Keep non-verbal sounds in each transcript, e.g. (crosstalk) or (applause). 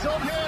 It's on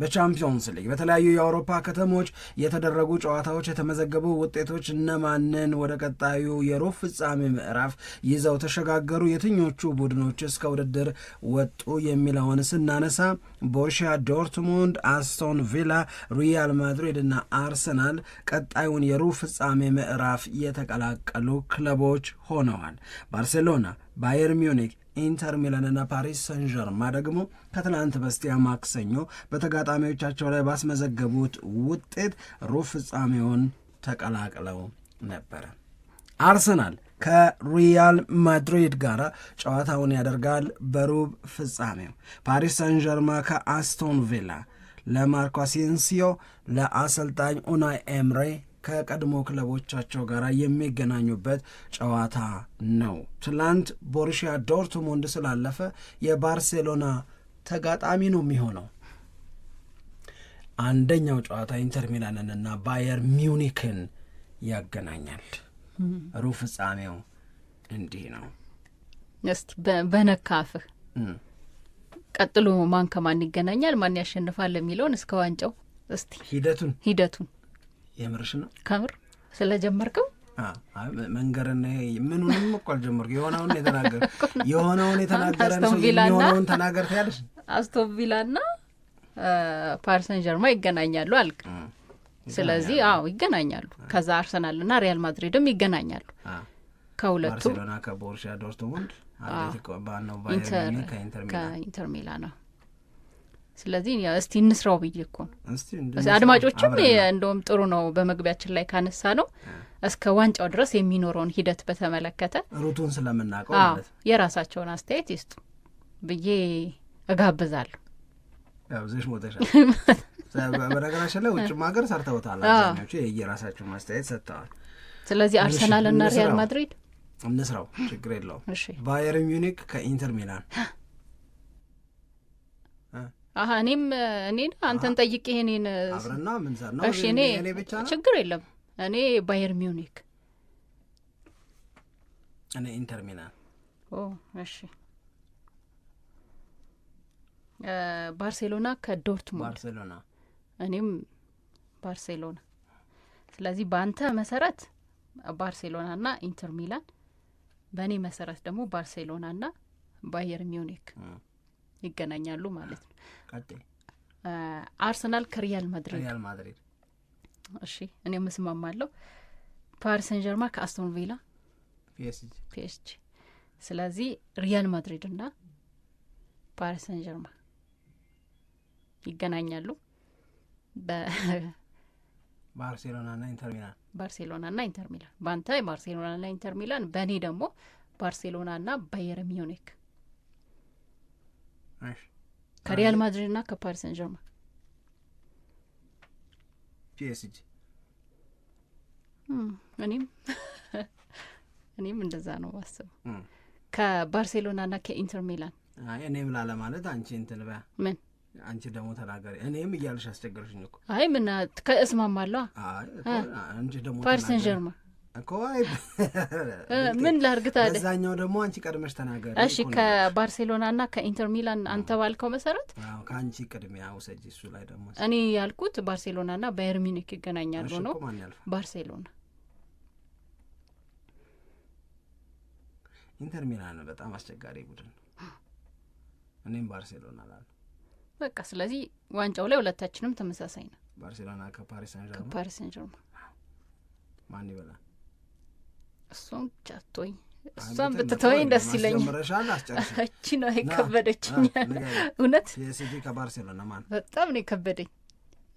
በቻምፒዮንስ ሊግ በተለያዩ የአውሮፓ ከተሞች የተደረጉ ጨዋታዎች የተመዘገቡ ውጤቶች እነማንን ወደ ቀጣዩ የሩብ ፍጻሜ ምዕራፍ ይዘው ተሸጋገሩ፣ የትኞቹ ቡድኖች እስከ ውድድር ወጡ የሚለውን ስናነሳ ቦሩሺያ ዶርትሙንድ፣ አስቶን ቪላ፣ ሪያል ማድሪድ እና አርሰናል ቀጣዩን የሩብ ፍጻሜ ምዕራፍ የተቀላቀሉ ክለቦች ሆነዋል። ባርሴሎና፣ ባየር ሚዩኒክ ኢንተር ሚላን ፓሪስ ሰን ዠርማ ደግሞ ከትላንት በስቲያ ማክሰኞ በተጋጣሚዎቻቸው ላይ ባስመዘገቡት ውጤት ሩብ ፍጻሜውን ተቀላቅለው ነበረ። አርሰናል ከሪያል ማድሪድ ጋር ጨዋታውን ያደርጋል በሩብ ፍጻሜው። ፓሪስ ሰን ዠርማ ከአስቶን ቪላ ለማርኮ አሴንሲዮ ለአሰልጣኝ ኡናይ ኤምሬ ከቀድሞ ክለቦቻቸው ጋር የሚገናኙበት ጨዋታ ነው። ትላንት ቦሩሺያ ዶርትሙንድ ስላለፈ የባርሴሎና ተጋጣሚ ነው የሚሆነው። አንደኛው ጨዋታ ኢንተር ሚላንንና ባየር ሚውኒክን ያገናኛል። ሩብ ፍጻሜው እንዲህ ነው። እስቲ በነካፍህ ቀጥሎ ማን ከማን ይገናኛል፣ ማን ያሸንፋል የሚለውን እስከ ዋንጫው እስቲ ሂደቱን ሂደቱን የምርሽ ነው ከምር ስለጀመርከው መንገርና ምኑንም እኮ አልጀመርኩም። የሆነውን የተናገር የሆነውን የተናገረን የሆነውን ተናገር ትያለሽ። አስቶን ፓሪሰን ጀርማ ይገናኛሉ አልክ። ስለዚህ አዎ ይገናኛሉ። ከዛ አርሰናልና ሪያል ማድሪድም ይገናኛሉ። ከሁለቱ ባርሴሎና ከቦሩሲያ ዶርትሙንድ፣ አትሌቲኮ ከኢንተር ሚላን ነው ስለዚህ እስቲ እንስራው ብዬ እኮ ነው። አድማጮችም እንደውም ጥሩ ነው በመግቢያችን ላይ ካነሳ ነው እስከ ዋንጫው ድረስ የሚኖረውን ሂደት በተመለከተ ሩቱን ስለምናውቀው የራሳቸውን አስተያየት ይስጡ ብዬ እጋብዛለሁ። ዜሽ ሞተሻል። (laughs) በነገራችን ላይ ውጭም ሀገር ሰርተውታል። አብዛኞቹ የየራሳቸውን ማስተያየት ሰጥተዋል። ስለዚህ አርሰናል እና ሪያል ማድሪድ እንስራው ችግር የለውም። ባየር ሚኒክ ከኢንተር ሚላን አሀ እኔም እኔ አንተን ጠይቅ ይሄኔን አብረና ምንዘር ነው። እሺ እኔ ብቻ ነው ችግር የለም። እኔ ባየር ሚውኒክ፣ እኔ ኢንተር ሚላን። ኦ እሺ ባርሴሎና ከዶርትሙንድ ባርሴሎና፣ እኔም ባርሴሎና። ስለዚህ በአንተ መሰረት ባርሴሎና ና ኢንተር ሚላን፣ በእኔ መሰረት ደግሞ ባርሴሎና ና ባየር ሚውኒክ ይገናኛሉ ማለት ነው። አርሰናል ከሪያል ማድሪድ ሪያል ማድሪድ እሺ፣ እኔ ምስማማለሁ። ፓሪስ ሰን ጀርማ ከአስቶን ቪላ ፒኤስጂ። ስለዚህ ሪያል ማድሪድ እና ፓሪስ ሰን ጀርማ ይገናኛሉ። (laughs) ባርሴሎናና ኢንተር ሚላን ባርሴሎናና ኢንተር ሚላን በአንተ ኢንተር ሚላን፣ በእኔ ደግሞ ባርሴሎናና ባየር ሚዩኒክ ከሪያል ማድሪድ ና ከፓሪሰን ሰን ጀርማን ፒኤስጂ እኔም እኔም እንደዛ ነው ማስበው። ከባርሴሎና ና ከኢንተር ሚላን እኔም ላለ ማለት አንቺ እንትን በያ ምን አንቺ ደግሞ ተናገሪ እኔም እያልሽ አስቸገርሽኝ እኮ። አይ ምና ከእስማማለሁ። አንቺ ደግሞ ፓሪሰን ሰን ጀርማን ምን ላድርግ ታዲያ? እዛኛው ደግሞ አንቺ ቀድመሽ ተናገር እሺ። ከባርሴሎና ና ከኢንተር ሚላን አንተ ባልከው መሰረት ከአንቺ ቅድሚያ ውሰጂ። እሱ ላይ ደግሞ እኔ ያልኩት ባርሴሎና ና ባየር ሚኒክ ይገናኛሉ ነው። ባርሴሎና ኢንተር ሚላን በጣም አስቸጋሪ ቡድን ነው። እኔም ባርሴሎና ላሉ በቃ። ስለዚህ ዋንጫው ላይ ሁለታችንም ተመሳሳይ ነው። ባርሴሎና ከፓሪስ ሰንጀርማ ከፓሪስ ማን ይበላል? እሷም ብቻ እሷም ብትተወኝ ደስ ይለኛልቺ ነው የከበደችኝ። እውነት በጣም ነው የከበደኝ።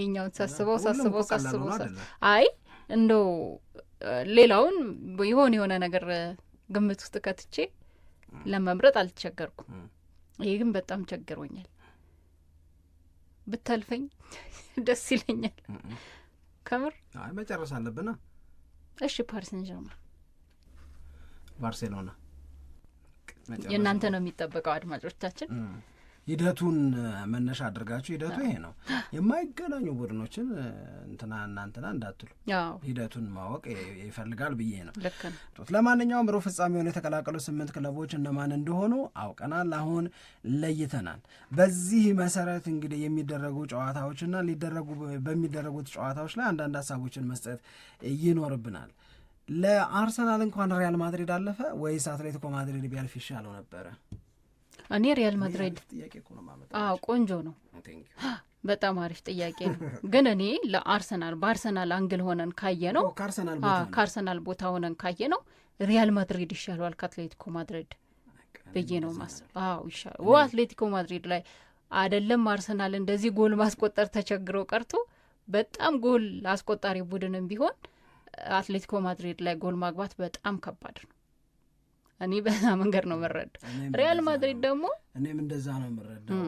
የኛውን ሳስበው ሳስበው ሳስበው አይ እንደው ሌላውን የሆን የሆነ ነገር ግምት ውስጥ ከትቼ ለመምረጥ አልተቸገርኩም። ይህ ግን በጣም ቸግሮኛል። ብታልፈኝ (laughs) ደስ ይለኛል። ከምር መጨረስ አለብና እሺ ፓሪስ ሴን ባርሴሎና የእናንተ ነው የሚጠበቀው። አድማጮቻችን ሂደቱን መነሻ አድርጋችሁ ሂደቱ ይሄ ነው። የማይገናኙ ቡድኖችን እንትና እናንትና እንዳትሉ ሂደቱን ማወቅ ይፈልጋል ብዬ ነው። ለማንኛውም ሩብ ፍጻሜውን የተቀላቀሉ ስምንት ክለቦች እነማን እንደሆኑ አውቀናል፣ አሁን ለይተናል። በዚህ መሰረት እንግዲህ የሚደረጉ ጨዋታዎችና ሊደረጉ በሚደረጉት ጨዋታዎች ላይ አንዳንድ ሀሳቦችን መስጠት ይኖርብናል። ለአርሰናል እንኳን ሪያል ማድሪድ አለፈ ወይስ አትሌቲኮ ማድሪድ ቢያልፍ ይሻለው ነበረ? እኔ ሪያል ማድሪድ ቆንጆ ነው። በጣም አሪፍ ጥያቄ ነው። ግን እኔ ለአርሰናል በአርሰናል አንግል ሆነን ካየ ነው ከአርሰናል ቦታ ሆነን ካየ ነው ሪያል ማድሪድ ይሻለዋል ከአትሌቲኮ ማድሪድ ብዬ ነው ማስብ። አትሌቲኮ ማድሪድ ላይ አይደለም አርሰናል እንደዚህ ጎል ማስቆጠር ተቸግረው ቀርቶ በጣም ጎል አስቆጣሪ ቡድንም ቢሆን አትሌቲኮ ማድሪድ ላይ ጎል ማግባት በጣም ከባድ ነው። እኔ በዛ መንገድ ነው የምረዳው። ሪያል ማድሪድ ደግሞ እኔም እንደዛ ነው የምረዳው።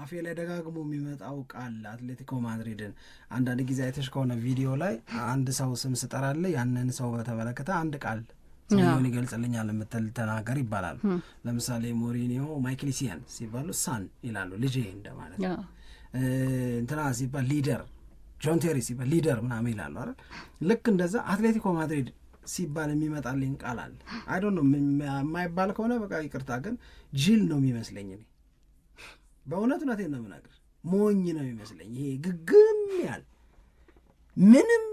አፌ ላይ ደጋግሞ የሚመጣው ቃል አትሌቲኮ ማድሪድን አንዳንድ ጊዜ አይተሽ ከሆነ ቪዲዮ ላይ አንድ ሰው ስም ስጠራለ ያንን ሰው በተመለከተ አንድ ቃል ሰውየውን ይገልጽልኛል የምትል ተናገር ይባላሉ። ለምሳሌ ሞሪኒዮ ማይክሊሲያን ሲባሉ ሳን ይላሉ ልጄ እንደማለት እንትና ሲባል ሊደር ጆን ቴሪ ሲባል ሊደር ምናምን ይላሉ አይደል? ልክ እንደዛ አትሌቲኮ ማድሪድ ሲባል የሚመጣልኝ ቃል አለ። አይ ዶንት ኖ የማይባል ከሆነ በቃ ይቅርታ፣ ግን ጅል ነው የሚመስለኝ እኔ በእውነት እውነቴን ነው የምናገር። ሞኝ ነው የሚመስለኝ ይሄ ግግም ያል ምንም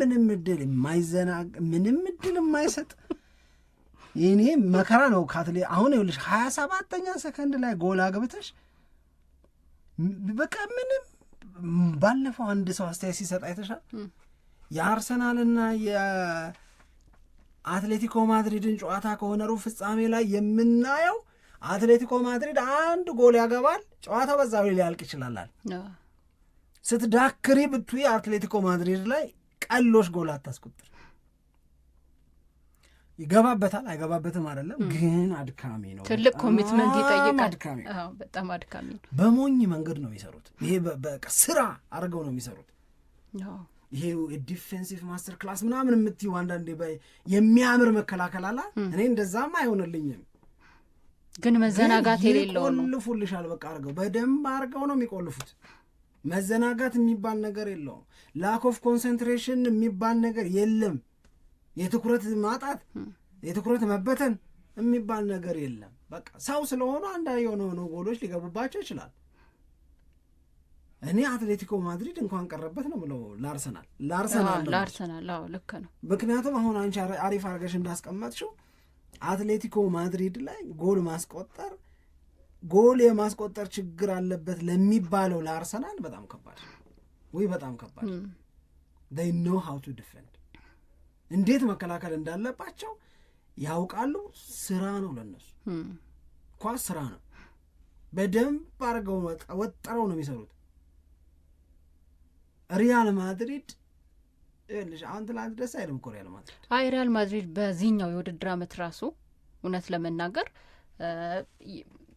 ምንም እድል የማይዘናግ ምንም እድል የማይሰጥ ይኔ መከራ ነው። ካትሌ አሁን ይኸውልሽ ሀያ ሰባተኛ ሰከንድ ላይ ጎል አግብተሽ በቃ ምንም ባለፈው አንድ ሰው አስተያየት ሲሰጥ አይተሻል። የአርሰናልና የአትሌቲኮ ማድሪድን ጨዋታ ከሆነ ሩብ ፍጻሜ ላይ የምናየው አትሌቲኮ ማድሪድ አንድ ጎል ያገባል፣ ጨዋታው በዛ ላይ ሊያልቅ ይችላላል። ስትዳክሪ ብቱ አትሌቲኮ ማድሪድ ላይ ቀሎች ጎል አታስቆጥር። ይገባበታል አይገባበትም አይደለም፣ ግን አድካሚ ነው። ትልቅ ኮሚትመንት ይጠይቃል። አድካሚ በጣም አድካሚ ነው። በሞኝ መንገድ ነው የሚሰሩት። ይሄ በቃ ስራ አድርገው ነው የሚሰሩት። ይሄ የዲፌንሲቭ ማስተር ክላስ ምናምን የምትይው አንዳንዴ የሚያምር መከላከል አላ እኔ እንደዛም አይሆንልኝም፣ ግን መዘናጋት የሌለው ነው። ይቆልፉልሻል። በቃ አድርገው በደንብ አድርገው ነው የሚቆልፉት። መዘናጋት የሚባል ነገር የለውም። ላክ ኦፍ ኮንሰንትሬሽን የሚባል ነገር የለም። የትኩረት ማጣት የትኩረት መበተን የሚባል ነገር የለም። በቃ ሰው ስለሆኑ አንዳ የሆነ ሆነ ጎሎች ሊገቡባቸው ይችላል። እኔ አትሌቲኮ ማድሪድ እንኳን ቀረበት ነው ብለው ላርሰናል ላርሰናል ላርሰናል ልክ ነው። ምክንያቱም አሁን አንቺ አሪፍ አርገሽ እንዳስቀመጥሽው አትሌቲኮ ማድሪድ ላይ ጎል ማስቆጠር ጎል የማስቆጠር ችግር አለበት ለሚባለው ለአርሰናል በጣም ከባድ ወይ በጣም ከባድ ኖ ሀው ቱ ድፈን እንዴት መከላከል እንዳለባቸው ያውቃሉ። ስራ ነው ለነሱ ኳስ ስራ ነው። በደንብ አድርገው ወጥረው ነው የሚሰሩት። ሪያል ማድሪድ አሁን ትላንት ደስ አይልም እኮ ሪያል ማድሪድ። አይ ሪያል ማድሪድ በዚህኛው የውድድር ዓመት ራሱ እውነት ለመናገር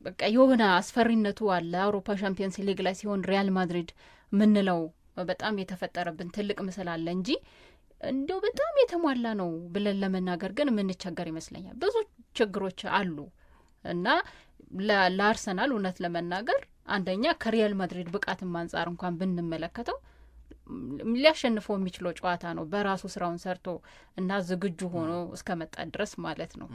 በቃ የሆነ አስፈሪነቱ አለ። አውሮፓ ሻምፒየንስ ሊግ ላይ ሲሆን ሪያል ማድሪድ ምንለው በጣም የተፈጠረብን ትልቅ ምስል አለ እንጂ እንደው በጣም የተሟላ ነው ብለን ለመናገር ግን የምንቸገር ይመስለኛል። ብዙ ችግሮች አሉ እና ለአርሰናል እውነት ለመናገር አንደኛ ከሪያል ማድሪድ ብቃትም አንጻር እንኳን ብንመለከተው ሊያሸንፈው የሚችለው ጨዋታ ነው በራሱ ስራውን ሰርቶ እና ዝግጁ ሆኖ እስከ መጣ ድረስ ማለት ነው።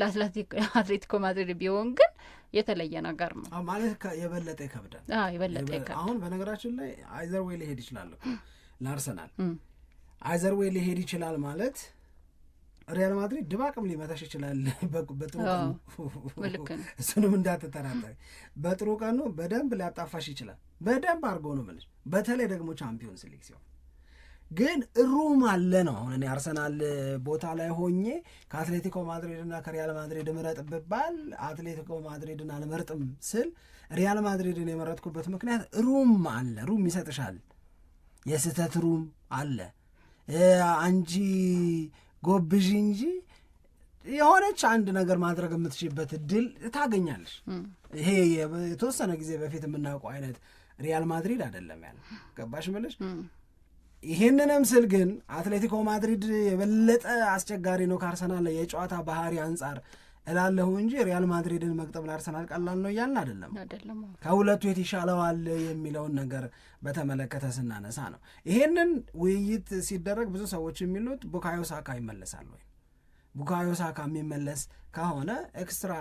ለአትሌቲኮ ማድሪድ ቢሆን ግን የተለየ ነገር ነው ማለት የበለጠ ይከብዳል። የበለጠ ይከብዳል። አሁን በነገራችን ላይ አይዘር ወይ ሊሄድ ይችላል ለአርሰናል አይዘር ወይ ሊሄድ ይችላል ማለት ሪያል ማድሪድ ድባቅም ሊመታሽ ይችላል። በጥሩ ቀኑ እሱንም እንዳትጠራጠሪ፣ በጥሩ ቀኑ በደንብ ሊያጣፋሽ ይችላል። በደንብ አድርጎ ነው የምልሽ። በተለይ ደግሞ ቻምፒዮንስ ሊግ ሲሆን ግን ሩም አለ ነው። አሁን እኔ አርሰናል ቦታ ላይ ሆኜ ከአትሌቲኮ ማድሪድና ከሪያል ማድሪድ ምረጥ ብባል አትሌቲኮ ማድሪድን አልመርጥም ስል ሪያል ማድሪድን የመረጥኩበት ምክንያት ሩም አለ፣ ሩም ይሰጥሻል። የስህተት ሩም አለ። አንጂ ጎብዥ እንጂ የሆነች አንድ ነገር ማድረግ የምትችበት እድል ታገኛለች። ይሄ የተወሰነ ጊዜ በፊት የምናውቀው አይነት ሪያል ማድሪድ አይደለም ያለ ገባሽ ምልሽ። ይህንንም ስል ግን አትሌቲኮ ማድሪድ የበለጠ አስቸጋሪ ነው ከአርሰናል የጨዋታ ባህሪ አንጻር እላለሁ እንጂ ሪያል ማድሪድን መቅጠብ ለአርሰናል ቀላል ነው እያልን አይደለም። ከሁለቱ የት ይሻለዋል የሚለውን ነገር በተመለከተ ስናነሳ ነው። ይሄንን ውይይት ሲደረግ ብዙ ሰዎች የሚሉት ቡካዮ ሳካ ይመለሳል ወይ? ቡካዮ ሳካ የሚመለስ ከሆነ ኤክስትራ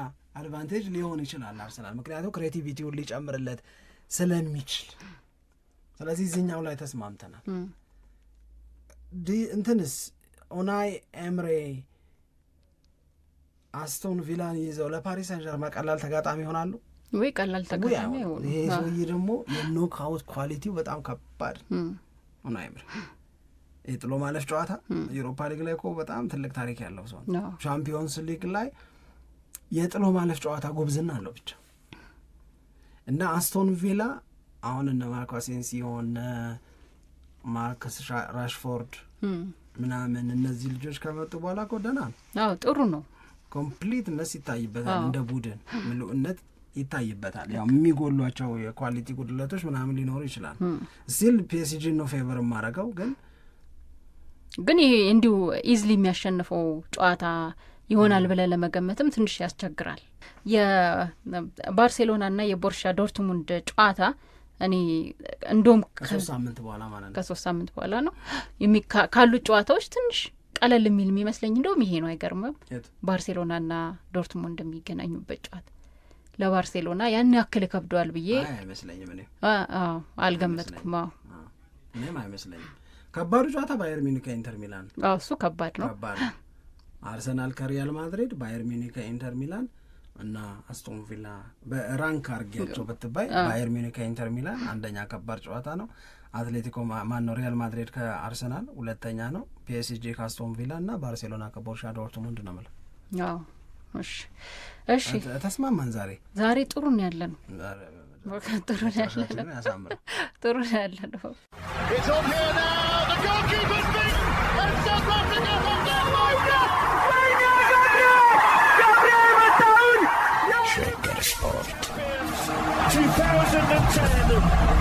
አድቫንቴጅ ሊሆን ይችላል አርሰናል፣ ምክንያቱም ክሬቲቪቲውን ሊጨምርለት ስለሚችል። ስለዚህ እዚህኛው ላይ ተስማምተናል። እንትንስ ኦናይ ኤምሬ አስቶን ቪላን ይዘው ለፓሪስ ሳን ጀርማ ቀላል ተጋጣሚ ይሆናሉ ወይ? ቀላል ተጋጣሚ ይሄ ሰውዬ ደግሞ የኖክአውት ኳሊቲው በጣም ከባድ ሆነ አይምር የጥሎ ማለፍ ጨዋታ ዩሮፓ ሊግ ላይ እኮ በጣም ትልቅ ታሪክ ያለው ሰው ሻምፒዮንስ ሊግ ላይ የጥሎ ማለፍ ጨዋታ ጉብዝና አለው ብቻ እና አስቶን ቪላ አሁን እነ ማርኮ አሴንሲዮ እነ ማርከስ ራሽፎርድ ምናምን እነዚህ ልጆች ከመጡ በኋላ እኮ ደህና ነው። አዎ ጥሩ ነው። ኮምፕሊትነስ ይታይበታል። እንደ ቡድን ምልእነት ይታይበታል። ያው የሚጎሏቸው የኳሊቲ ጉድለቶች ምናምን ሊኖሩ ይችላል። ስቲል ፒኤስጂ ነው ፌቨር የማረገው ግን ግን ይሄ እንዲሁ ኢዝሊ የሚያሸንፈው ጨዋታ ይሆናል ብለ ለመገመትም ትንሽ ያስቸግራል። የባርሴሎና ና የቦርሻ ዶርትሙንድ ጨዋታ እኔ እንዲሁም ከሶስት ሳምንት በኋላ ማለት ነው ከሶስት ሳምንት በኋላ ነው ካሉት ጨዋታዎች ትንሽ ቀለል የሚል የሚመስለኝ እንደውም ይሄ ነው። አይገርምም? ባርሴሎናና ዶርትሙንድ የሚገናኙበት ጨዋታ ለባርሴሎና ያን ያክል ከብደዋል ብዬ አይመስለኝም። አልገመትኩም። እኔም አይመስለኝም። ከባዱ ጨዋታ ባየር ሚኒክ ከኢንተር ሚላን እሱ ከባድ ነው። አርሰናል ከሪያል ማድሪድ፣ ባየር ሚኒክ ከኢንተር ሚላን እና አስቶን ቪላ በራንክ አርጌያቸው ብትባይ ባየር ሚኒክ ከኢንተር ሚላን አንደኛ ከባድ ጨዋታ ነው። አትሌቲኮ ማን ነው ሪያል ማድሪድ ከአርሰናል ሁለተኛ ነው። ፒኤስጂ ከአስቶን ቪላ እና ባርሴሎና ከቦርሻ ዶርትሙንድ ነው ምለ እሺ ተስማማን። ዛሬ ዛሬ ጥሩ ነው ያለ ነው ጥሩ ነው ያለ ነው ጥሩ ነው ያለ ነው